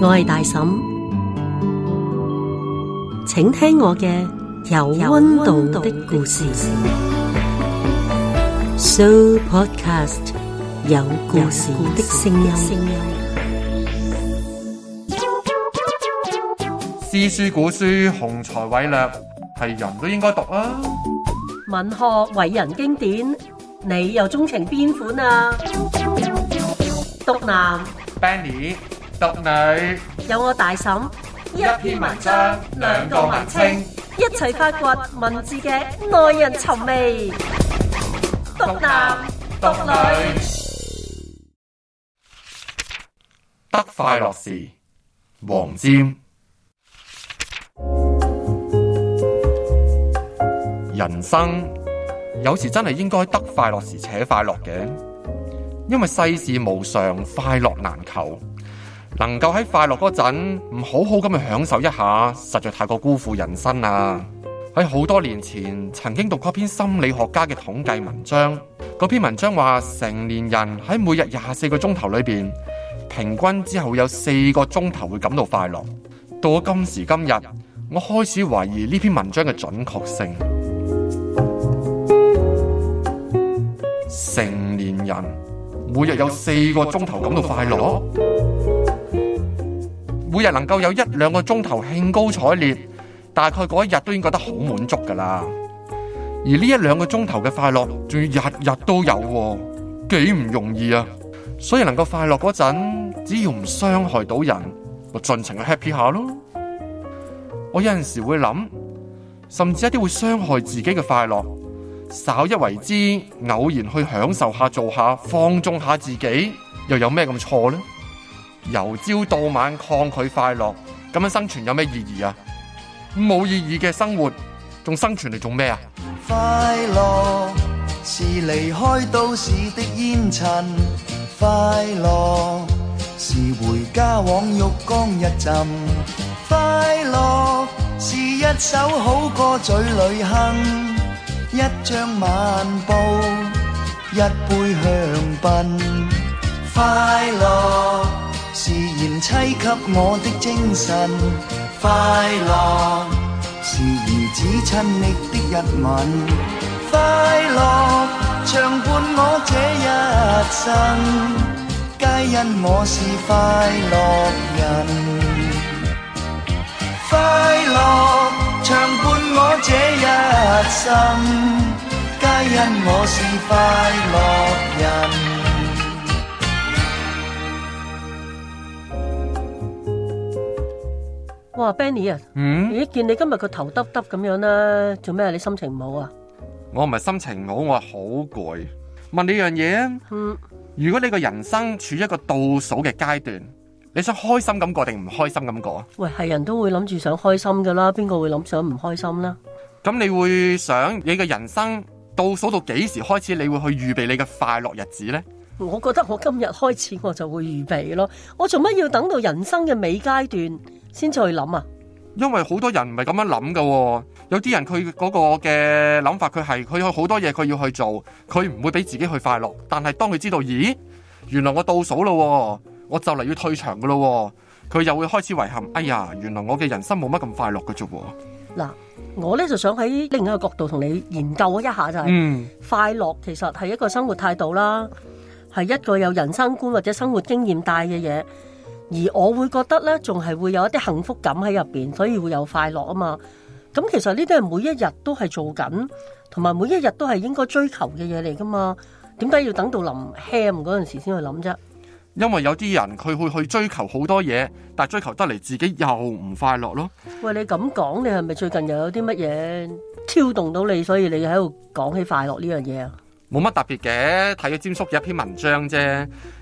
我係大沈，請聽我嘅有溫度的故事。Sooo Podcast 有故事的聲音。詩書古書，雄才偉略，係人都應該讀啊！文學偉人經典，你又鍾情邊款啊？讀男，Benny。讀女有我大沈一篇文章，兩個文青一齊發掘文字嘅耐人尋味。讀男，讀女，讀男，讀女，得快樂時，黃霑。人生有時真係應該得快樂時且快樂嘅，因為世事無常，快樂難求。能夠喺快樂嗰陣唔好好咁去享受一下，實在太過辜負人生啦！喺好多年前曾經讀過一篇心理學家嘅統計文章，嗰篇文章話成年人喺每日廿四個鐘頭裏邊，平均之後有四個鐘頭會感到快樂。到今時今日，我開始懷疑呢篇文章嘅準確性。成年人每日有四個鐘頭感到快樂。每日能夠有一兩個鐘頭興高采烈，大概嗰一日都已經覺得好滿足噶啦。而呢一兩個鐘頭嘅快樂，仲要日日都有喎，幾唔容易啊！所以能夠快樂嗰陣，只要唔傷害到人，就盡情去 happy 下咯。我有陣時會諗，甚至一啲會傷害自己嘅快樂，稍一為之，偶然去享受下、做下、放縱下自己，又有咩咁錯呢？由朝到晚抗拒快樂，咁樣生存有咩意義啊？冇意義嘅生活，仲生存嚟做咩啊？快樂是離開都市的煙塵，快樂是回家往浴缸一浸，快樂是一首好歌嘴裡哼，一張晚報，一杯香檳，快樂。是賢妻給我的精神快樂，快樂是兒子親暱的一吻，快樂長伴我這一生，皆因我是快樂人快樂。快樂長伴我這一生，皆因我是快樂人。哇，Benny 啊，嗯、咦？見你今日個頭耷耷咁樣啦，做咩？你心情唔好啊？我唔係心情唔好，我係好攰，問你樣嘢啊。嗯。如果你個人生處於一個倒數嘅階段，你想開心咁過定唔開心咁過啊？喂，係人都會諗住想開心噶啦，邊個會諗想唔開心啦？咁你會想你嘅人生倒數到幾時開始？你會去預備你嘅快樂日子咧？我覺得我今日開始我就會預備咯。我做乜要等到人生嘅尾階段？先去再諗啊！因為好多人唔係咁樣諗噶喎，有啲人佢嗰個嘅諗法，佢係佢有好多嘢佢要去做，佢唔會俾自己去快樂。但係當佢知道，咦，原來我倒數咯喎，我就嚟要退場噶咯喎，佢又會開始遺憾。哎呀，原來我嘅人生冇乜咁快樂噶啫喎。嗱，我咧就想喺另一個角度同你研究一下就係、是，嗯、快樂其實係一個生活態度啦，係一個有人生觀或者生活經驗帶嘅嘢。而我會覺得呢，仲係會有一啲幸福感喺入邊，所以會有快樂啊嘛。咁其實呢啲係每一日都係做緊，同埋每一日都係應該追求嘅嘢嚟噶嘛。點解要等到臨 ham 嗰陣時先去諗啫？因為有啲人佢會去追求好多嘢，但係追求得嚟自己又唔快樂咯。喂，你咁講，你係咪最近又有啲乜嘢挑動到你，所以你喺度講起快樂呢樣嘢啊？冇乜特別嘅，睇咗霑叔嘅一篇文章啫。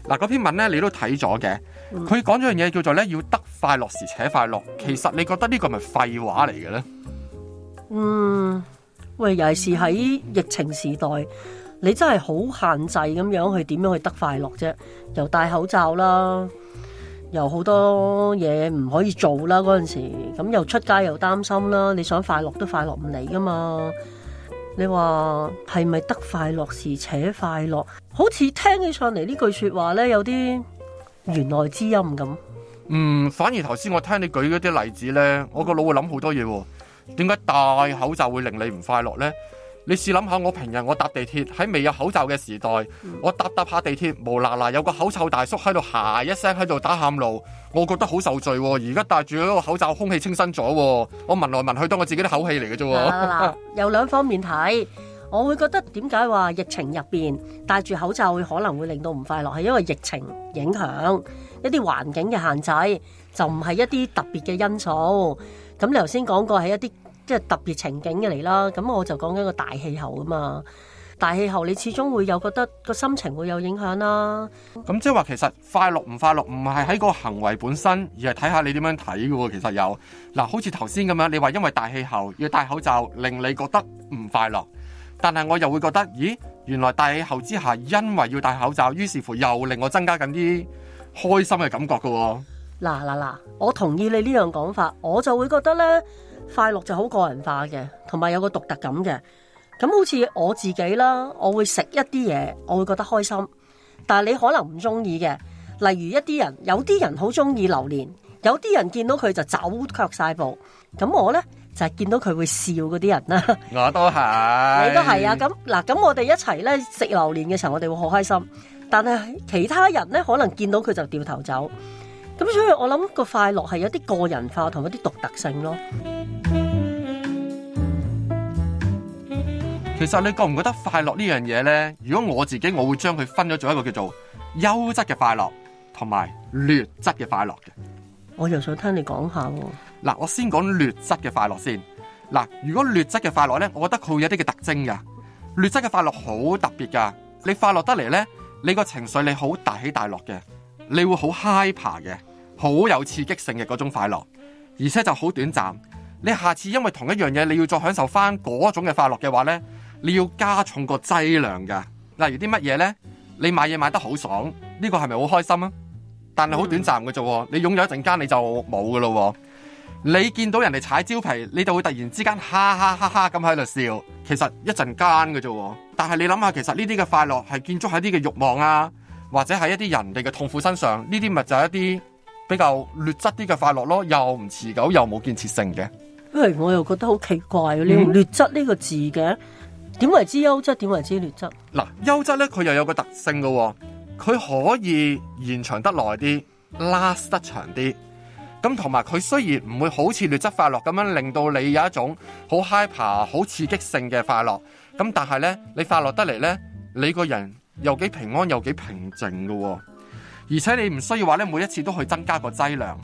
嗱，嗰篇文呢，你都睇咗嘅。佢講咗樣嘢叫做咧，要得快樂時且快樂。其實你覺得呢個咪廢話嚟嘅咧？嗯，喂，尤其是喺疫情時代，嗯、你真係好限制咁樣去點樣去得快樂啫。又戴口罩啦，又好多嘢唔可以做啦。嗰陣時咁又出街又擔心啦。你想快樂都快樂唔嚟噶嘛？你話係咪得快樂時且快樂？好似聽起上嚟呢句說話咧，有啲。原來之音咁，嗯，反而頭先我聽你舉嗰啲例子呢，我個腦會諗好多嘢。點解戴口罩會令你唔快樂呢？你試諗下，我平日我搭地鐵喺未有口罩嘅時代，我搭搭下地鐵，無啦啦有個口臭大叔喺度，嚇一聲喺度打喊露，我覺得好受罪。而家戴住嗰個口罩，空氣清新咗，我聞來聞去，當我自己啲口氣嚟嘅啫。啊啊、 有兩方面睇。我會覺得點解話疫情入邊戴住口罩會可能會令到唔快樂，係因為疫情影響一啲環境嘅限制，就唔係一啲特別嘅因素。咁你頭先講過係一啲即係特別情景嘅嚟啦。咁我就講緊個大氣候啊嘛，大氣候你始終會有覺得個心情會有影響啦。咁即係話其實快樂唔快樂唔係喺個行為本身，而係睇下你點樣睇嘅。其實有嗱，好似頭先咁樣，你話因為大氣候要戴口罩令你覺得唔快樂。但係我又會覺得，咦，原來戴口罩之下，因為要戴口罩，於是乎又令我增加緊啲開心嘅感覺㗎。嗱嗱嗱，我同意你呢樣講法，我就會覺得呢，快樂就好個人化嘅，同埋有個獨特感嘅。咁好似我自己啦，我會食一啲嘢，我會覺得開心。但係你可能唔中意嘅，例如一啲人，有啲人好中意榴蓮有啲人見到佢就走卻晒步。咁我呢。就係見到佢會笑嗰啲人啦， 我都係，你都係啊！咁嗱，咁我哋一齊咧食榴蓮嘅時候，我哋會好開心。但係其他人咧，可能見到佢就掉頭走。咁所以我諗個快樂係有啲個人化同埋一啲獨特性咯。其實你覺唔覺得快樂呢樣嘢咧？如果我自己，我會將佢分咗做一個叫做優質嘅快樂，同埋劣質嘅快樂嘅。我又想聽你講下。嗱，我先講劣質嘅快樂先。嗱，如果劣質嘅快樂呢，我覺得佢有啲嘅特徵噶。劣質嘅快樂好特別噶，你快樂得嚟呢，你個情緒你好大起大落嘅，你會好 hyper 嘅，好有刺激性嘅嗰種快樂，而且就好短暫。你下次因為同一樣嘢你要再享受翻嗰種嘅快樂嘅話呢，你要加重個劑量噶。例如啲乜嘢呢？你買嘢買得好爽，呢個係咪好開心啊？但係好短暫嘅啫，你擁有一陣間你就冇噶啦。你見到人哋踩蕉皮，你就會突然之間哈哈哈哈咁喺度笑，其實一陣間嘅啫。但係你諗下，其實呢啲嘅快樂係建築喺啲嘅欲望啊，或者喺一啲人哋嘅痛苦身上，呢啲咪就係一啲比較劣質啲嘅快樂咯，又唔持久，又冇建設性嘅。喂、欸，我又覺得好奇怪，呢個、嗯、劣質呢個字嘅，點為之優質，點為之劣質？嗱，優質咧佢又有一個特性嘅，佢可以延長得耐啲，last 得長啲。咁同埋，佢雖然唔會好似劣質快樂咁樣，令到你有一種好 hyper 好刺激性嘅快樂。咁但係呢，你快樂得嚟呢，你個人又幾平安又幾平靜噶、喎。而且你唔需要話呢每一次都去增加個劑量。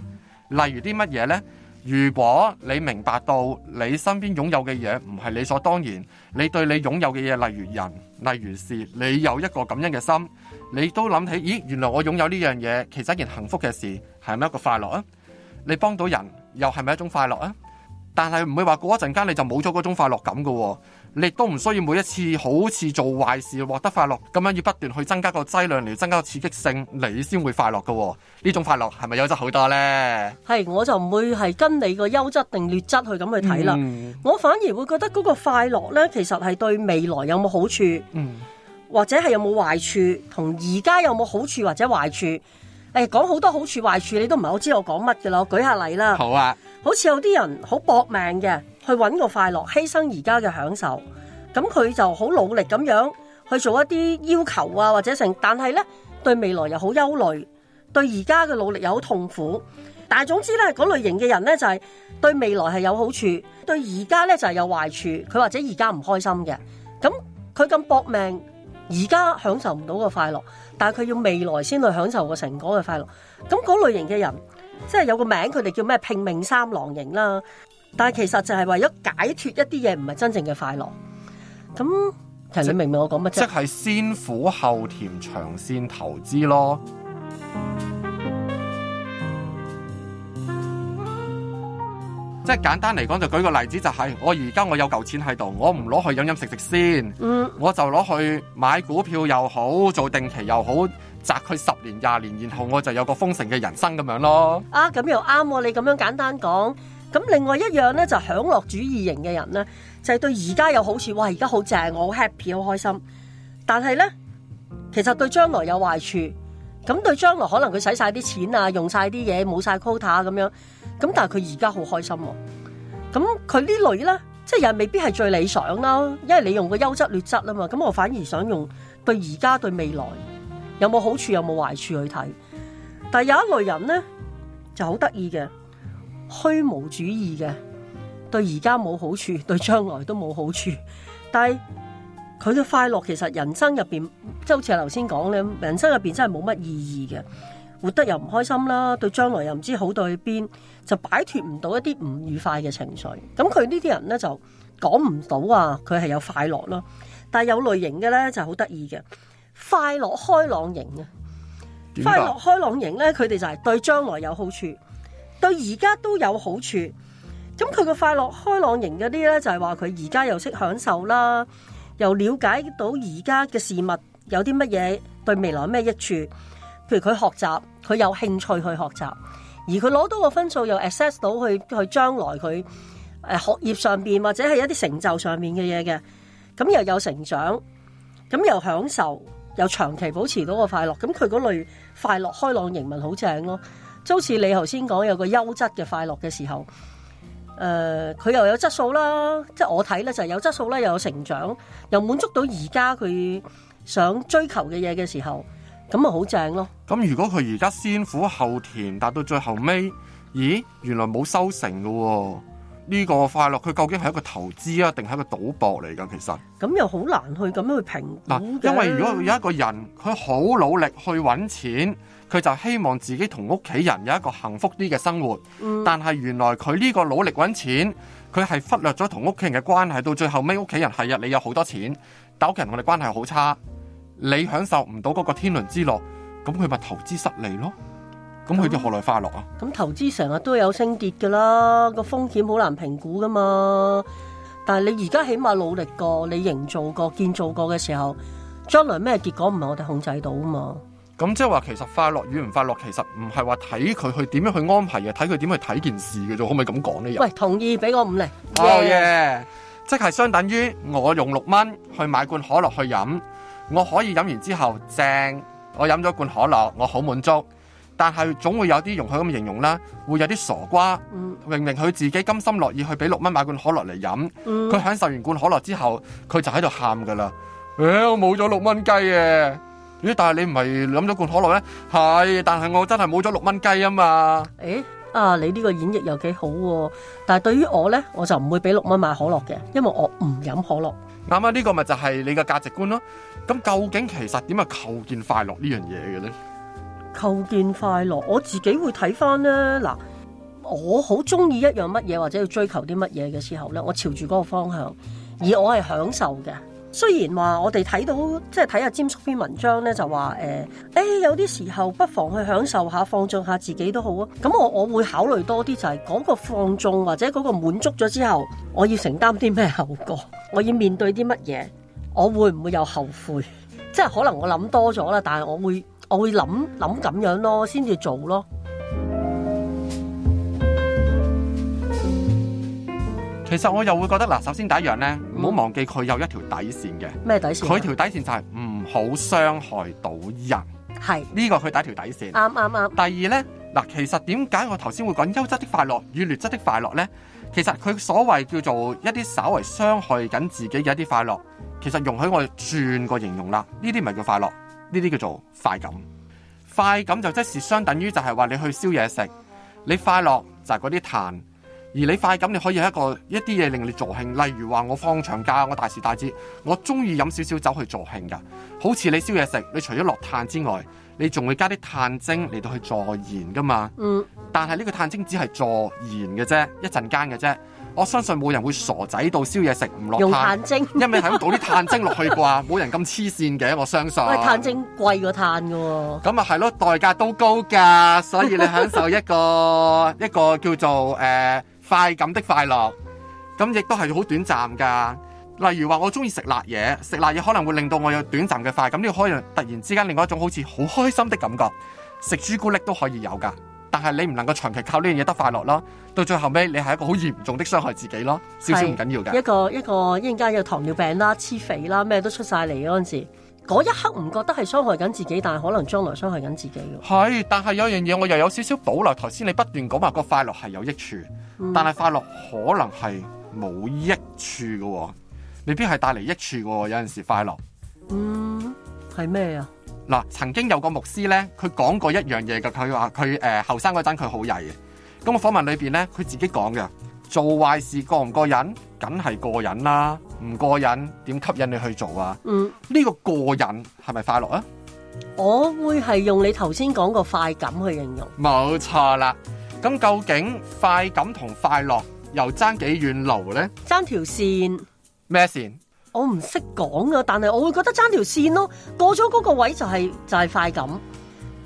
例如啲乜嘢呢？如果你明白到你身邊擁有嘅嘢唔係理所當然，你對你擁有嘅嘢，例如人、例如事你有一個感恩嘅心，你都諗起咦，原來我擁有呢樣嘢，其實一件幸福嘅事，係咪一個快樂啊？你幫到人，又係咪一種快樂啊？但係唔會話過一陣間你就冇咗嗰種快樂感㗎喎，你亦都唔需要每一次好似做壞事獲得快樂，咁樣要不斷去增加個劑量嚟增加個刺激性，你先會快樂㗎喎。呢種快樂係咪優質好多呢？係，我就唔會係跟你個優質定劣質去咁去睇啦。嗯、我反而會覺得嗰個快樂呢，其實係對未來有冇好處，嗯、或者係有冇壞處，同而家有冇好處或者壞處。誒，講好多好處壞處，你都唔係好知我講乜嘅咯。我舉下例啦，好似、啊、有啲人好搏命嘅，去搵個快樂，犧牲而家嘅享受。咁佢就好努力咁樣去做一啲要求啊，或者成，但係呢，對未來又好憂慮，對而家嘅努力又好痛苦。但係總之呢，嗰類型嘅人呢，就係、是、對未來係有好處，對而家呢，就係、是、有壞處。佢或者而家唔開心嘅，咁佢咁搏命。而家享受唔到個快樂，但係佢要未來先去享受個成果嘅快樂。咁嗰類型嘅人，即係有個名，佢哋叫咩拼命三郎型啦。但係其實就係為咗解脫一啲嘢，唔係真正嘅快樂。咁，其實你明唔明我講乜？即係先苦後甜，長線投資咯。即係簡單嚟講，就舉個例子就係、是、我而家我有嚿錢喺度，我唔攞去飲飲食食先，嗯、我就攞去買股票又好，做定期又好，賺佢十年廿年，然後我就有個豐盛嘅人生咁樣咯。啊，咁又啱，你咁樣簡單講。咁另外一樣呢，就是、享樂主義型嘅人呢，就係、是、對而家有好處，哇而家好正，我好 happy 好開心。但係呢，其實對將來有壞處。咁對將來可能佢使晒啲錢啊，用晒啲嘢，冇晒 quota 咁樣。咁但係佢而家好開心，咁佢呢類呢，即係又未必係最理想啦，因為你用個優質劣質啊嘛，咁我反而想用對而家對未來有冇好處，有冇壞處去睇。但係有一類人呢，就好得意嘅，虛無主義嘅，對而家冇好處，對將來都冇好處，但係佢嘅快樂其實人生入邊，即係好似係頭先講咧，人生入邊真係冇乜意義嘅。活得又唔開心啦，對將來又唔知好到去邊，就擺脫唔到一啲唔愉快嘅情緒。咁佢呢啲人呢，就講唔到啊，佢係有快樂咯。但係有類型嘅呢，就好得意嘅，快樂開朗型嘅。快樂開朗型呢，佢哋就係對將來有好處，對而家都有好處。咁佢個快樂開朗型嗰啲呢，就係話佢而家又識享受啦，又了解到而家嘅事物有啲乜嘢對未來有咩益處。譬如佢學習，佢有興趣去學習，而佢攞到個分數又 access 到去去將來佢誒學業上邊或者係一啲成就上面嘅嘢嘅，咁又有成長，咁又享受，又長期保持到個快樂，咁佢嗰類快樂開朗型文好正咯，就好似你頭先講有個優質嘅快樂嘅時候，誒、呃，佢又有質素啦，即係我睇咧就係有質素啦，又有成長，又滿足到而家佢想追求嘅嘢嘅時候。咁咪好正咯！咁如果佢而家先苦後甜，但到最後尾，咦，原來冇收成嘅？呢、這個快樂，佢究竟係一個投資啊，定係一個賭博嚟噶？其實咁又好難去咁樣去評、啊、因為如果有一個人，佢好努力去揾錢，佢就希望自己同屋企人有一個幸福啲嘅生活。嗯、但係原來佢呢個努力揾錢，佢係忽略咗同屋企人嘅關係。到最後尾，屋企人係啊，你有好多錢，但屋企人同我哋關係好差。你享受唔到嗰個天倫之樂，咁佢咪投資失利咯？咁佢哋何來快樂啊？咁投資成日都有升跌噶啦，個風險好難評估噶嘛。但係你而家起碼努力過，你營造過、建造過嘅時候，將來咩結果唔係我哋控制到啊嘛。咁即係話，其實快樂與唔快樂，其實唔係話睇佢去點樣去安排嘅，睇佢點去睇件事嘅啫。可唔可以咁講呢？喂，同意俾個五厘。哦耶，oh, yeah. Yeah. 即係相等於我用六蚊去買罐可樂去飲。我可以飲完之後正，我飲咗罐可樂，我好滿足。但係總會有啲容許咁形容啦，會有啲傻瓜，嗯、明明佢自己甘心樂意去俾六蚊買罐可樂嚟飲，佢、嗯、享受完罐可樂之後，佢就喺度喊噶啦。唉，我冇咗六蚊雞呀，咦？但係你唔係飲咗罐可樂咩？係，但係我真係冇咗六蚊雞啊嘛。誒、哎，啊，你呢個演繹又幾好、啊，但係對於我咧，我就唔會俾六蚊買可樂嘅，因為我唔飲可樂。啱啊、嗯，呢、呢個咪就係你嘅價值觀咯。咁究竟其實點啊構建快樂呢樣嘢嘅咧？構建快樂，我自己會睇翻咧。嗱，我好中意一樣乜嘢或者要追求啲乜嘢嘅時候咧，我朝住嗰個方向，而我係享受嘅。雖然話我哋睇到即係睇下霑叔篇文章咧，就話誒，誒有啲時候不妨去享受下，放縱下自己都好啊。咁我我會考慮多啲，就係嗰個放縱或者嗰個滿足咗之後，我要承擔啲咩後果，我要面對啲乜嘢？我會唔會又後悔？即係可能我諗多咗啦，但係我會我會諗諗咁樣咯，先至做咯。其實我又會覺得嗱，首先第一樣呢，唔好忘記佢有一條底線嘅，咩底線？啊？佢條底線就係唔好傷害到人。係呢是個佢第一條底線。啱啱啱。第二呢，嗱，其實點解我頭先會講優質的快樂與劣質的快樂呢？其實佢所謂叫做一啲稍微傷害緊自己嘅一啲快樂。其實容許我哋轉個形容啦，呢啲唔係叫快樂，呢啲叫做快感。快感就即係相等於就係話你去燒嘢食，你快樂就係嗰啲炭；而你快感你可以有一個一啲嘢令你助興，例如話我放長假，我大時大節，我中意飲少少酒去助興㗎。好似你燒嘢食，你除咗落炭之外。你仲會加啲碳精嚟到去助燃噶嘛？嗯，但係呢個碳精只係助燃嘅啫，一陣間嘅啫。我相信冇人會傻仔到宵夜食唔落。用碳精，一味係咁倒啲碳精落去啩，冇人咁黐線嘅，我相信。碳精貴過碳噶，咁啊係咯，代價都高噶，所以你享受一個一個叫做誒快感的快樂，咁亦都係好短暫噶。例如話，我中意食辣嘢，食辣嘢可能會令到我有短暫嘅快感，呢個可以突然之間另外一種好似好開心的感覺，食朱古力都可以有噶。但係你唔能夠長期靠呢樣嘢得快樂咯。到最後尾，你係一個好嚴重的傷害自己咯，少少唔緊要嘅一個一個一陣間有糖尿病啦、癡肥啦，咩都出晒嚟，嗰陣時，嗰一刻唔覺得係傷害緊自己，但可能將來傷害緊自己係。但係有樣嘢我又有少少保留，頭先你不斷講話、那個快樂係有益處，嗯、但係快樂可能係冇益處嘅。未必係帶嚟益處嘅，有陣時快樂。嗯，係咩啊？嗱，曾經有個牧師咧，佢講過一樣嘢嘅，佢話佢，誒，後生嗰陣佢好曳嘅。咁、呃、我訪問裏邊咧，佢自己講嘅，做壞事過唔過癮？梗係過癮啦，唔過癮點吸引你去做啊？嗯，呢個過癮係咪快樂啊？我會係用你頭先講個快感去形容。冇錯啦。咁究竟快感同快樂又爭幾遠路咧？爭條線。咩線？我唔識講㗎，但係我會覺得爭條線咯，過咗嗰個位就係就係快感，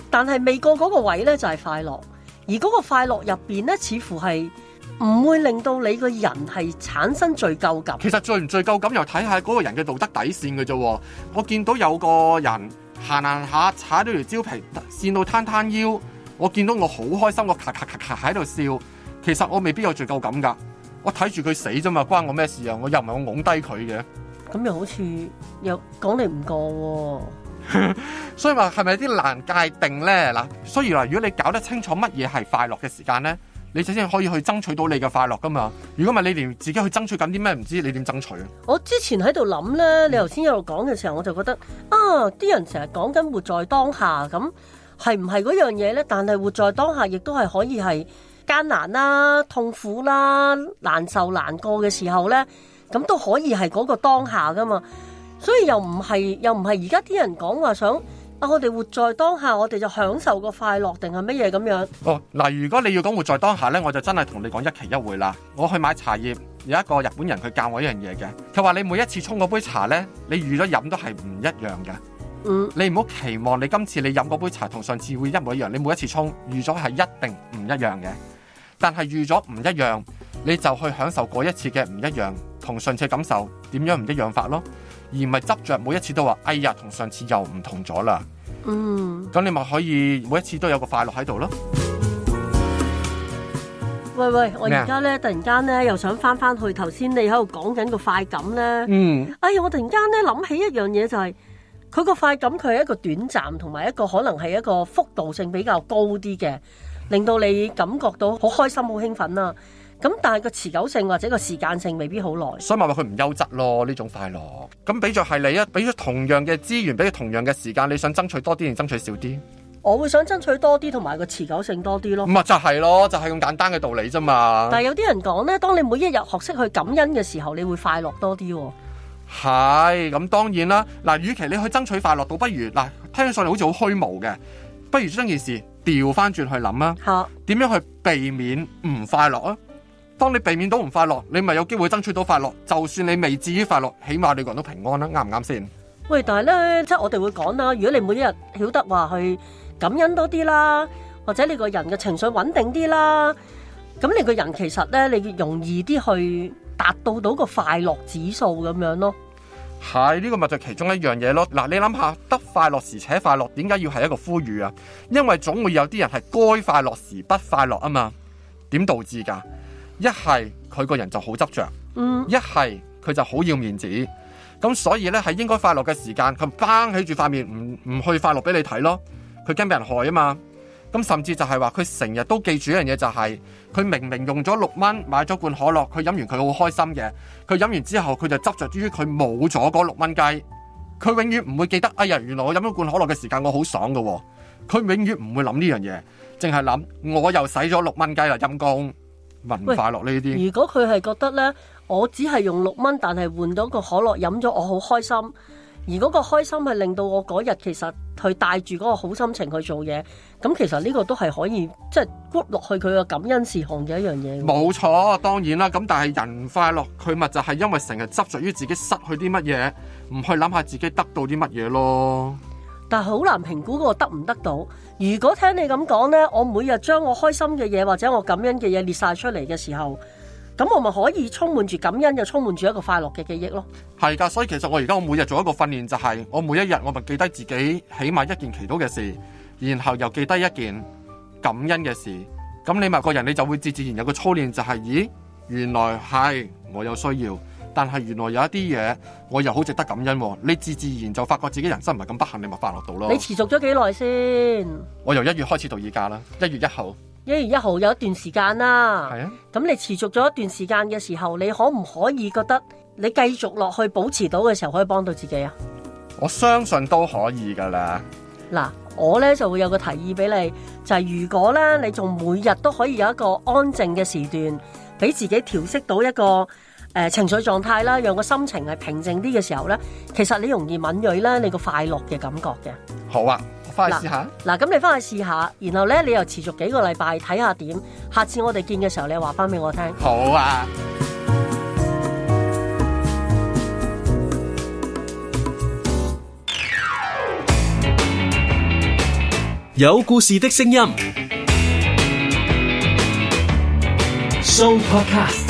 但係未過嗰個位咧就係快樂，而嗰個快樂入邊咧似乎係唔會令到你個人係產生罪疚感。其實罪唔罪疚感又睇下嗰個人嘅道德底線嘅啫。我見到有個人行行下踩到條蕉皮，跣到攤攤腰，我見到我好開心，我咔咔咔咔喺度笑，其實我未必有罪疚感噶。我睇住佢死啫嘛，關我咩事啊？我又唔係我拱低佢嘅，咁又好似又講你唔過，所以話係咪有啲難界定咧？嗱，所以話如果你搞得清楚乜嘢係快樂嘅時間咧，你首先可以去爭取到你嘅快樂噶嘛。如果唔係，你連自己去爭取緊啲咩唔知，你點爭取啊？我之前喺度諗咧，你頭先一路講嘅時候，我就覺得、嗯、啊，啲人成日講緊活在當下，咁係唔係嗰樣嘢咧？但係活在當下亦都係可以係。艱難啦、啊，痛苦啦、啊，難受難過嘅時候呢，咁都可以係嗰個當下噶嘛，所以又唔係又唔係而家啲人講話想啊，我哋活在當下，我哋就享受個快樂定係乜嘢咁樣？哦，嗱，如果你要講活在當下呢，我就真係同你講一期一會啦。我去買茶葉，有一個日本人佢教我一樣嘢嘅，佢話你每一次沖嗰杯茶呢，你預咗飲都係唔一樣嘅。嗯，你唔好期望你今次你飲嗰杯茶同上次會一模一樣，你每一次沖預咗係一定唔一樣嘅。但係預咗唔一樣，你就去享受嗰一次嘅唔一樣，同上次感受點樣唔一樣法咯，而唔係執着每一次都話哎呀，同上次又唔同咗啦。嗯，咁你咪可以每一次都有個快樂喺度咯。喂喂，我而家咧突然間咧又想翻翻去頭先你喺度講緊個快感咧。嗯，哎呀，我突然間咧諗起一樣嘢，就係佢個快感，佢係一個短暫，同埋一個可能係一個幅度性比較高啲嘅，令到你感覺到好開心、好興奮啦，啊，咁但係個持久性或者個時間性未必好耐，所以咪話佢唔優質咯呢種快樂。咁比作係你啊，比作同樣嘅資源，比作同樣嘅時間，你想爭取多啲定爭取少啲？我會想爭取多啲同埋個持久性多啲咯。咁咪就係咯，就係、是、咁簡單嘅道理啫嘛。但係有啲人講咧，當你每一日學識去感恩嘅時候，你會快樂多啲。係咁，當然啦。嗱，與其你去爭取快樂，倒不如嗱，聽上去好似好虛無嘅，不如將件事。調翻轉去諗吖，點樣去避免唔快樂啊？當你避免到唔快樂，你咪有機會爭取到快樂。就算你未至於快樂，起碼你講到平安啦，啱唔啱先？喂，但係咧，即係我哋會講啦。如果你每一日曉得話去感恩多啲啦，或者你個人嘅情緒穩定啲啦，咁你個人其實咧，你容易啲去達到到個快樂指數咁樣咯。係呢，呢個咪就是其中一樣嘢咯，嗱，你諗下得快樂時且快樂，點解要係一個呼籲啊？因為總會有啲人係該快樂時不快樂啊嘛，點導致噶？一係佢個人就好執着，嗯，一係佢就好要面子，咁所以咧，喺應該快樂嘅時間，佢繃起住塊面，唔唔去快樂俾你睇咯，佢驚俾人害啊嘛。咁甚至就係話佢成日都記住一樣嘢，就係，佢明明用咗六蚊買咗罐可樂，佢飲完佢好開心嘅。佢飲完之後佢就執着於佢冇咗嗰六蚊雞，佢永遠唔會記得哎呀，原來我飲咗罐可樂嘅時間我好爽噶喎。佢永遠唔會諗呢樣嘢，淨係諗我又使咗六蚊雞啦，陰功，唔快樂呢啲。如果佢係覺得呢，我只係用六蚊，但係換到個可樂飲咗，我好開心。而嗰個開心係令到我嗰日其實去帶住嗰個好心情去做嘢，咁其實呢個都係可以即係轆落去佢個感恩事項嘅一樣嘢。冇錯，當然啦。咁但係人唔快樂，佢咪就係因為成日執着於自己失去啲乜嘢，唔去諗下自己得到啲乜嘢咯。但係好難評估嗰個得唔得到。如果聽你咁講呢，我每日將我開心嘅嘢或者我感恩嘅嘢列晒出嚟嘅時候。咁我咪可以充滿住感恩，又充滿住一個快樂嘅記憶咯。係噶，所以其實我而家我每日做一個訓練就係，我每一日我咪記低自己起碼一件祈禱嘅事，然後又記低一件感恩嘅事。咁你咪個人你就會自自然有個操練就係、是，咦，原來係我有需要，但係原來有一啲嘢我又好值得感恩。你自自然就發覺自己人生唔係咁不幸，你咪快樂到咯。你持續咗幾耐先？我由一月開始到而家啦，一月一號。一月一號有一段時間啦，咁、啊、你持續咗一段時間嘅時候，你可唔可以覺得你繼續落去保持到嘅時候，可以幫到自己啊？我相信都可以噶啦。嗱，我呢就會有個提議俾你，就係、是、如果呢，你仲每日都可以有一個安靜嘅時段，俾自己調適到一個誒、呃、情緒狀態啦，讓個心情係平靜啲嘅時候呢，其實你容易敏銳啦，你個快樂嘅感覺嘅。好啊。嗱嗱，咁，啊，你翻去試下，然後咧你又持續幾個禮拜睇下點，下次我哋見嘅時候你話翻俾我聽。好啊，有故事的聲音 Sooo Podcast。